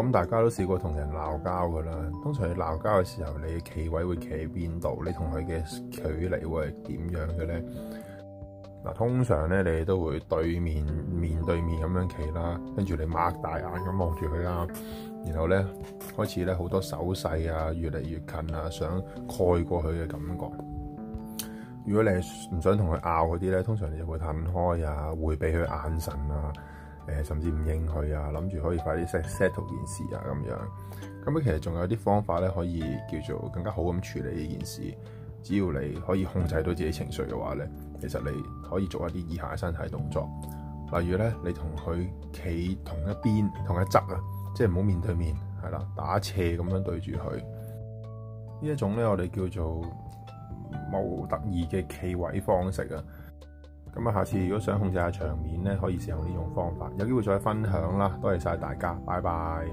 咁、嗯、大家都試過同人鬧交噶啦，通常你鬧交嘅時候，你企位會企喺邊度？你同佢嘅距離會係點樣嘅咧？嗱、啊，通常咧你都會對面面對面咁樣企啦，跟住你擘大眼咁望住佢啦，然後咧開始咧好多手勢啊，越嚟越近啊，想蓋過佢嘅感覺。如果你係唔想同佢拗嗰啲咧，通常你就會褪開啊，回避佢眼神啊。誒，甚至唔應佢啊，諗住可以快啲 set settle 件事啊，咁樣咁咧，其實仲有啲方法咧，可以叫做更加好咁處理呢件事。只要你可以控制到自己情緒嘅話咧，其實你可以做一啲以下嘅身體動作，例如咧，你同佢企同一邊、同一側啊，即係唔好面對面，係啦，打斜咁樣對住佢。呢一種咧，我哋叫做冇特意嘅企位方式啊。咁啊，下次如果想控制下場面呢，可以使用呢種方法。有機會再分享啦，多謝晒大家，拜拜。